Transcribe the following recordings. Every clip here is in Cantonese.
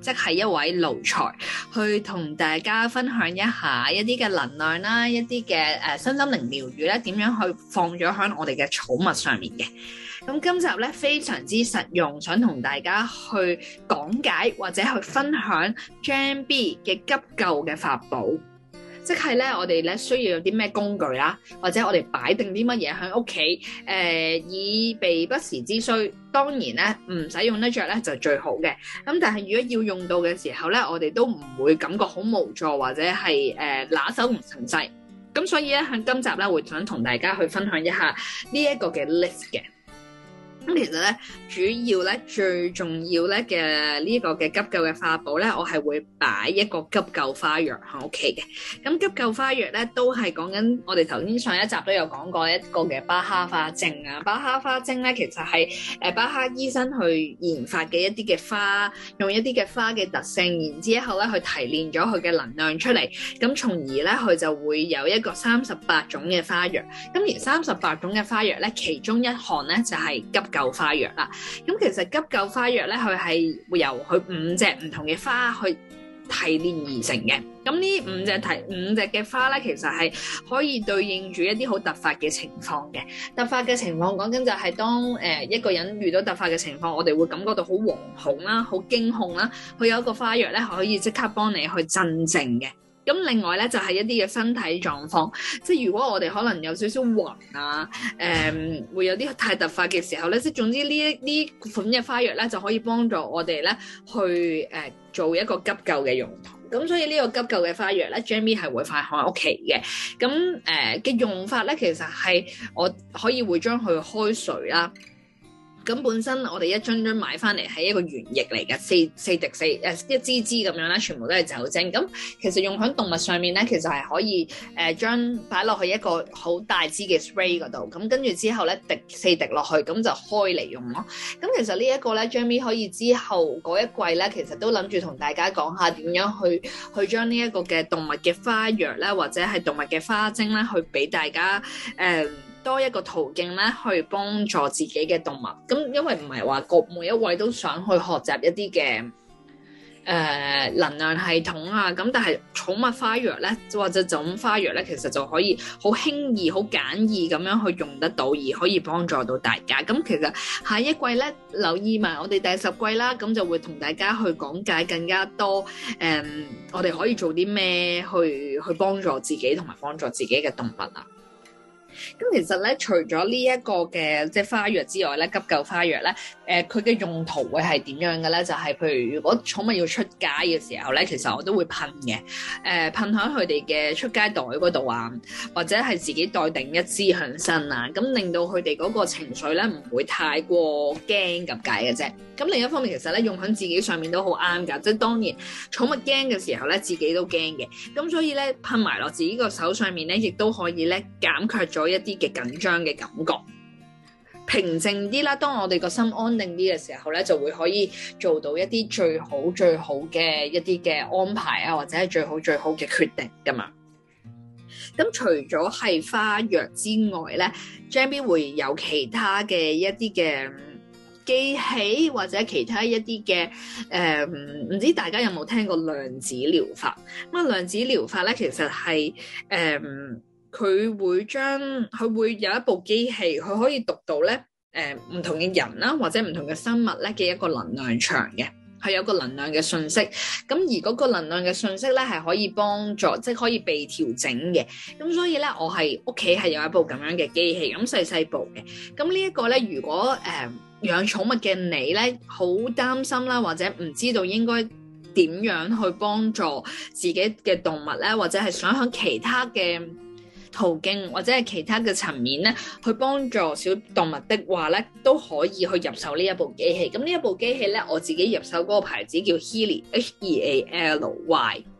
即係一位奴才，去同大家分享一下一啲嘅能量啦，一啲嘅誒身心靈療愈咧，點樣去放咗喺我哋嘅寵物上面嘅。咁今集咧非常之實用，想同大家去講解或者去分享 Jam B 嘅急救嘅法寶。即係咧，我哋咧需要有啲咩工具啦，或者我哋擺定啲乜嘢喺屋企，誒、呃、以備不時之需。當然咧，唔使用得着咧就最好嘅。咁但係如果要用到嘅時候咧，我哋都唔會感覺好無助或者係誒、呃、拿手唔成勢。咁所以咧喺今集咧會想同大家去分享一下呢一個嘅 list 嘅。咁其實咧，主要咧最重要咧嘅呢個嘅急救嘅化寶咧，我係會擺一個急救花藥喺屋企嘅。咁急救花藥咧都係講緊我哋頭先上一集都有講過一個嘅巴哈花精啊。巴哈花精咧其實係誒巴哈醫生去研發嘅一啲嘅花，用一啲嘅花嘅特性，然之後咧去提煉咗佢嘅能量出嚟，咁從而咧佢就會有一個三十八種嘅花藥。咁而三十八種嘅花藥咧，其中一項咧就係急救。急救花藥啦，咁其實急救花藥咧，佢係會由佢五隻唔同嘅花去提煉而成嘅。咁呢五隻提五隻嘅花咧，其實係可以對應住一啲好突發嘅情況嘅。突發嘅情況，講緊就係當誒一個人遇到突發嘅情況，我哋會感覺到好惶恐啦，好驚恐啦。佢有一個花藥咧，可以即刻幫你去鎮靜嘅。咁另外咧就係、是、一啲嘅身體狀況，即係如果我哋可能有少少暈啊，誒、呃、會有啲太突發嘅時候咧，即係總之呢一啲款嘅花藥咧就可以幫助我哋咧去誒、呃、做一個急救嘅用途。咁所以呢個急救嘅花藥咧 Jammy 係會放喺我屋企嘅。咁誒嘅用法咧，其實係我可以會將佢開水啦。咁本身我哋一樽樽買翻嚟係一個原液嚟嘅，四四滴四誒一支支咁樣啦，全部都係酒精。咁其實用喺動物上面咧，其實係可以誒、呃、將擺落去一個好大支嘅 spray 嗰度。咁跟住之後咧，滴四滴落去，咁就開嚟用咯。咁其實呢一個咧，Jamie 可以之後嗰一季咧，其實都諗住同大家講下點樣去去將呢一個嘅動物嘅花藥咧，或者係動物嘅花精啦，去俾大家誒。呃多一個途徑咧，去幫助自己嘅動物。咁因為唔係話各每一位都想去學習一啲嘅誒能量系統啊。咁但係寵物花藥咧，或者種花藥咧，其實就可以好輕易、好簡易咁樣去用得到，而可以幫助到大家。咁其實下一季咧，留意埋我哋第十季啦。咁就會同大家去講解更加多誒、嗯，我哋可以做啲咩去去幫助自己同埋幫助自己嘅動物啊。咁其實咧，除咗呢一個嘅即係花藥之外咧，急救花藥咧，誒佢嘅用途會係點樣嘅咧？就係譬如如果寵物要出街嘅時候咧，其實我都會噴嘅，誒噴響佢哋嘅出街袋嗰度啊，或者係自己袋定一支向身啊，咁令到佢哋嗰個情緒咧唔會太過驚咁解嘅啫。咁另一方面其實咧，用響自己上面都好啱㗎，即係當然寵物驚嘅時候咧，自己都驚嘅，咁所以咧，噴埋落自己個手上面咧，亦都可以咧減卻咗。一啲嘅緊張嘅感覺，平靜啲啦。當我哋個心安定啲嘅時候咧，就會可以做到一啲最好最好嘅一啲嘅安排啊，或者係最好最好嘅決定噶嘛。咁、嗯、除咗係花藥之外咧 ，Jammy 會有其他嘅一啲嘅機器或者其他一啲嘅誒，唔、呃、知大家有冇聽過量子療法？咁啊，量子療法咧其實係誒。呃佢會將佢會有一部機器，佢可以讀到咧誒唔同嘅人啦，或者唔同嘅生物咧嘅一個能量場嘅，佢有個能量嘅信息。咁而嗰個能量嘅信息咧係可以幫助，即係可以被調整嘅。咁所以咧，我係屋企係有一部咁樣嘅機器，咁細細部嘅。咁呢一個咧，如果誒養，呃，寵物嘅你咧，好擔心啦，或者唔知道應該點樣去幫助自己嘅動物咧，或者係想響其他嘅途徑或者係其他嘅層面咧，去幫助小動物的話咧，都可以去入手呢一部機器。咁呢一部機器咧，我自己入手嗰個牌子叫 Healy，H-E-A-L-Y。E A L y。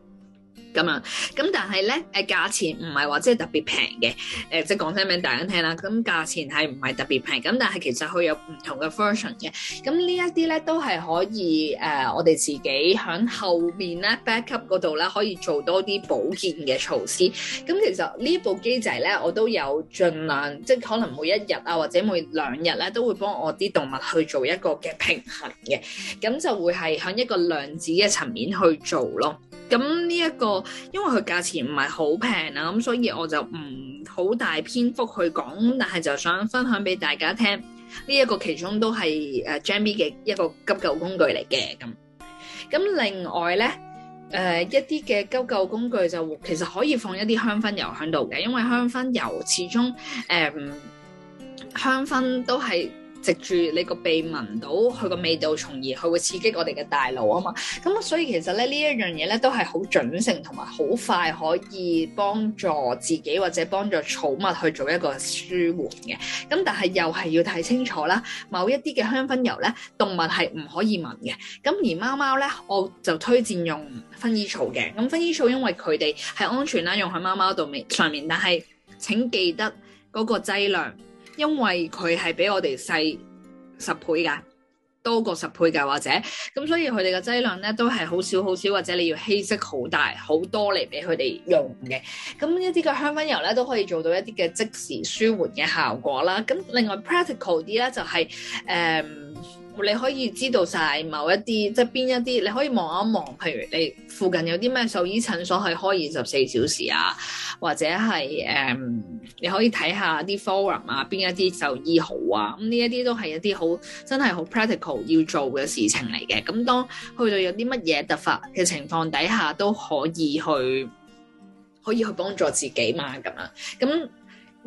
咁但係咧，誒，價錢唔係話即係特別平嘅，誒，即係講聲俾大家聽啦。咁價錢係唔係特別平，咁但係其實佢有唔同嘅 version 嘅。咁呢一啲咧都係可以誒、呃，我哋自己響後面咧 back up 嗰度咧，可以做多啲保健嘅措施。咁其實一部機呢部機仔咧，我都有盡量即係可能每一日啊，或者每兩日咧，都會幫我啲動物去做一個嘅平衡嘅，咁就會係響一個量子嘅層面去做咯。咁呢一個，因為佢價錢唔係好平啊，咁所以我就唔好大篇幅去講，但係就想分享俾大家聽。呢一個其中都係誒 Gemini 嘅一個急救工具嚟嘅咁。咁另外咧，誒一啲嘅急救工具就其實可以放一啲香薰油喺度嘅，因為香薰油始終誒香薰都係。藉住你個鼻聞到佢個味道，從而佢會刺激我哋嘅大腦啊嘛。咁所以其實咧，呢一樣嘢咧都係好準成同埋好快可以幫助自己或者幫助寵物去做一個舒緩嘅。咁但係又係要睇清楚啦。某一啲嘅香薰油咧，動物係唔可以聞嘅。咁而貓貓咧，我就推薦用薰衣草嘅。咁薰衣草因為佢哋係安全啦，用喺貓貓度面上面，但係請記得嗰個劑量。因為佢係比我哋細十倍㗎，多過十倍㗎，或者咁，所以佢哋嘅劑量咧都係好少好少，或者你要稀釋好大好多嚟俾佢哋用嘅。咁一啲嘅香薰油咧都可以做到一啲嘅即時舒緩嘅效果啦。咁另外 practical 啲咧就係、是、誒。嗯你可以知道晒某一啲即係邊一啲，你可以望一望，譬如你附近有啲咩獸醫診所係開二十四小時啊，或者係誒、嗯、你可以睇下啲 forum 啊，邊一啲獸醫好啊，咁、嗯、呢一啲都係一啲好真係好 practical 要做嘅事情嚟嘅。咁當去到有啲乜嘢突發嘅情況底下，都可以去可以去幫助自己嘛，咁樣咁。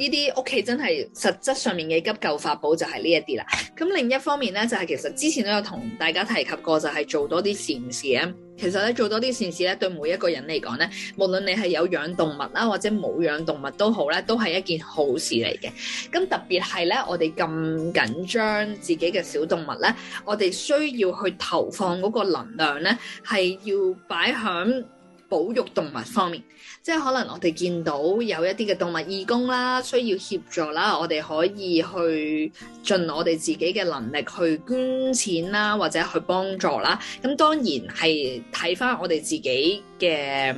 呢啲屋企真係實質上面嘅急救法寶就係呢一啲啦。咁另一方面呢，就係其實之前都有同大家提及過，就係做多啲善事咧。其實咧，做多啲善事咧，對每一個人嚟講呢，無論你係有養動物啦，或者冇養動物都好咧，都係一件好事嚟嘅。咁特別係呢，我哋咁緊張自己嘅小動物呢，我哋需要去投放嗰個能量呢，係要擺響。保育動物方面，即係可能我哋見到有一啲嘅動物義工啦，需要協助啦，我哋可以去盡我哋自己嘅能力去捐錢啦，或者去幫助啦。咁當然係睇返我哋自己嘅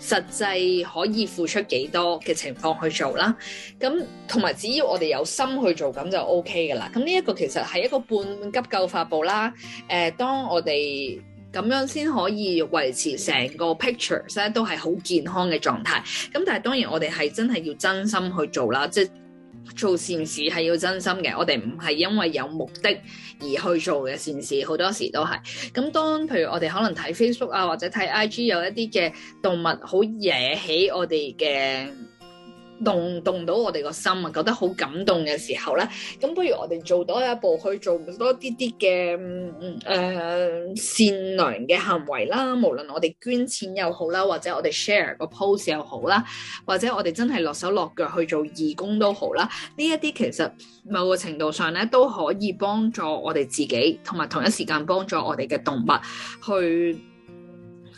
實際可以付出幾多嘅情況去做啦。咁同埋只要我哋有心去做，咁就 OK 噶啦。咁呢一個其實係一個半急救發布啦。誒、呃，當我哋咁樣先可以維持成個 picture 咧都係好健康嘅狀態。咁但係當然我哋係真係要真心去做啦，即係做善事係要真心嘅。我哋唔係因為有目的而去做嘅善事，好多時都係。咁當譬如我哋可能睇 Facebook 啊，或者睇 IG 有一啲嘅動物好惹起我哋嘅。動動到我哋個心啊，覺得好感動嘅時候咧，咁不如我哋做多一步，去做多啲啲嘅誒善良嘅行為啦。無論我哋捐錢又好啦，或者我哋 share 個 post 又好啦，或者我哋真係落手落腳去做義工都好啦。呢一啲其實某個程度上咧，都可以幫助我哋自己，同埋同一時間幫助我哋嘅動物去。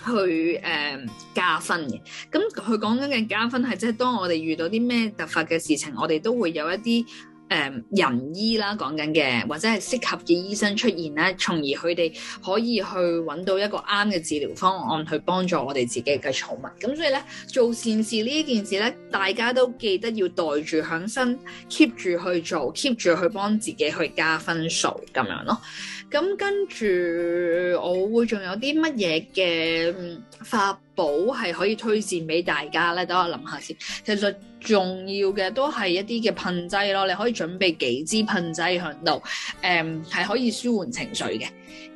去誒、呃、加分嘅，咁佢講緊嘅加分，係即係當我哋遇到啲咩突發嘅事情，我哋都會有一啲。誒人醫啦，講緊嘅，或者係適合嘅醫生出現咧，從而佢哋可以去揾到一個啱嘅治療方案，去幫助我哋自己嘅寵物。咁所以咧，做善事呢一件事咧，大家都記得要袋住響身，keep 住去做，keep 住去幫自己去加分數咁樣咯。咁跟住，我會仲有啲乜嘢嘅法。寶係可以推薦俾大家咧，等我諗下先。其實重要嘅都係一啲嘅噴劑咯，你可以準備幾支噴劑響度，誒、嗯、係可以舒緩情緒嘅。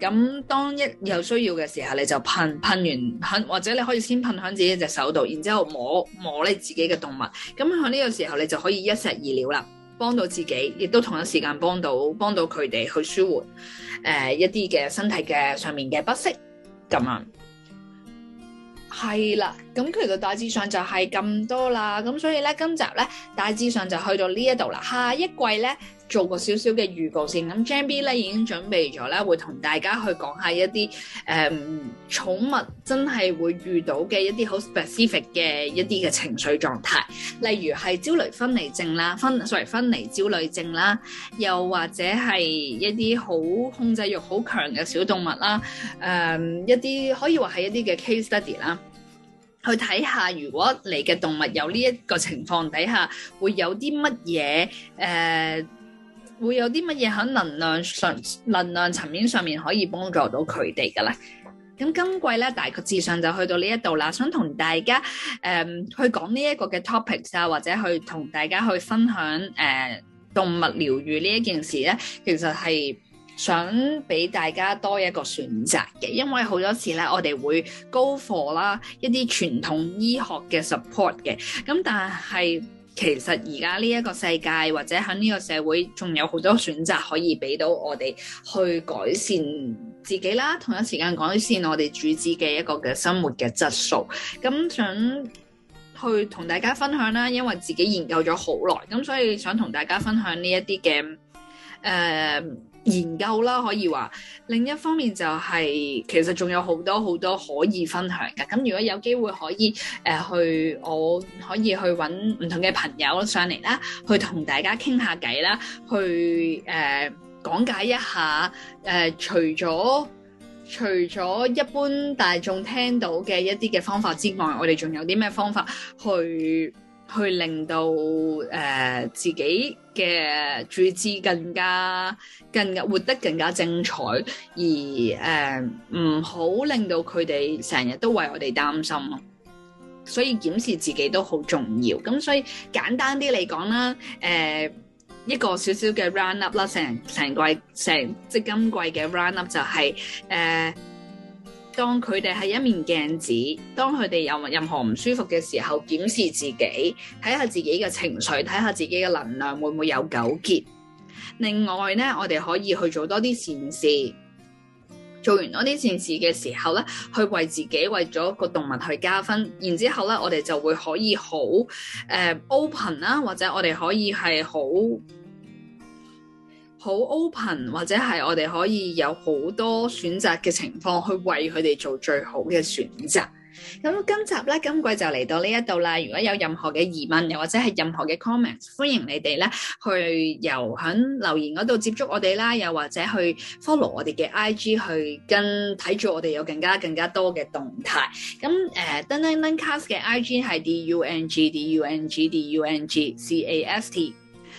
咁當一有需要嘅時候，你就噴噴完噴，或者你可以先噴響自己隻手度，然之後摸摸你自己嘅動物。咁響呢個時候，你就可以一石二鳥啦，幫到自己，亦都同一時間幫到幫到佢哋去舒緩誒、呃、一啲嘅身體嘅上面嘅不適咁樣。係啦，咁其實大致上就係咁多啦，咁所以咧今集咧大致上就去到呢一度啦，下一季咧。做個少少嘅預告先，咁 Jammy 咧已經準備咗啦，會同大家去講下一啲誒寵物真係會遇到嘅一啲好 specific 嘅一啲嘅情緒狀態，例如係焦慮分離症啦，分所謂分離焦慮症啦，又或者係一啲好控制欲好強嘅小動物啦，誒、嗯、一啲可以話係一啲嘅 case study 啦，去睇下如果你嘅動物有呢一個情況底下，會有啲乜嘢誒，呃會有啲乜嘢喺能量上、能量層面上面可以幫助到佢哋嘅咧？咁今季咧大概至上就去到呢一度啦。想同大家誒、呃、去講呢一個嘅 topic 啊，或者去同大家去分享誒、呃、動物療愈呢一件事咧，其實係想俾大家多一個選擇嘅，因為好多時咧我哋會 go for 一啲傳統醫學嘅 support 嘅，咁但係，其實而家呢一個世界或者喺呢個社會，仲有好多選擇可以俾到我哋去改善自己啦。同一時間改善我哋主子嘅一個嘅生活嘅質素。咁想去同大家分享啦，因為自己研究咗好耐，咁所以想同大家分享呢一啲嘅。誒、呃、研究啦，可以話另一方面就係、是、其實仲有好多好多可以分享嘅。咁如果有機會可以誒、呃、去，我可以去揾唔同嘅朋友上嚟啦，去同大家傾下偈啦，去誒、呃、講解一下誒、呃、除咗除咗一般大眾聽到嘅一啲嘅方法之外，我哋仲有啲咩方法去去令到誒自己嘅住資更加，更加活得更加精彩，而誒唔好令到佢哋成日都為我哋擔心咯。所以檢視自己都好重要。咁所以簡單啲嚟講啦，誒一個小小嘅 round up 啦，成成季成即係今季嘅 round up 就係誒。當佢哋係一面鏡子，當佢哋有任何唔舒服嘅時候，檢視自己，睇下自己嘅情緒，睇下自己嘅能量會唔會有糾結。另外呢，我哋可以去做多啲善事，做完多啲善事嘅時候呢，去為自己為咗個動物去加分。然之後呢，我哋就會可以好誒、uh, open 啦，或者我哋可以係好。好 open 或者係我哋可以有好多選擇嘅情況，去為佢哋做最好嘅選擇。咁今集咧，今季就嚟到呢一度啦。如果有任何嘅疑問，又或者係任何嘅 comment，歡迎你哋咧，去由響留言嗰度接觸我哋啦，又或者去 follow 我哋嘅 I G 去跟睇住我哋有更加更加多嘅動態。咁誒，登登登 cast 嘅 I G 係 d u n g d u n g d u n g d u n g c a s t。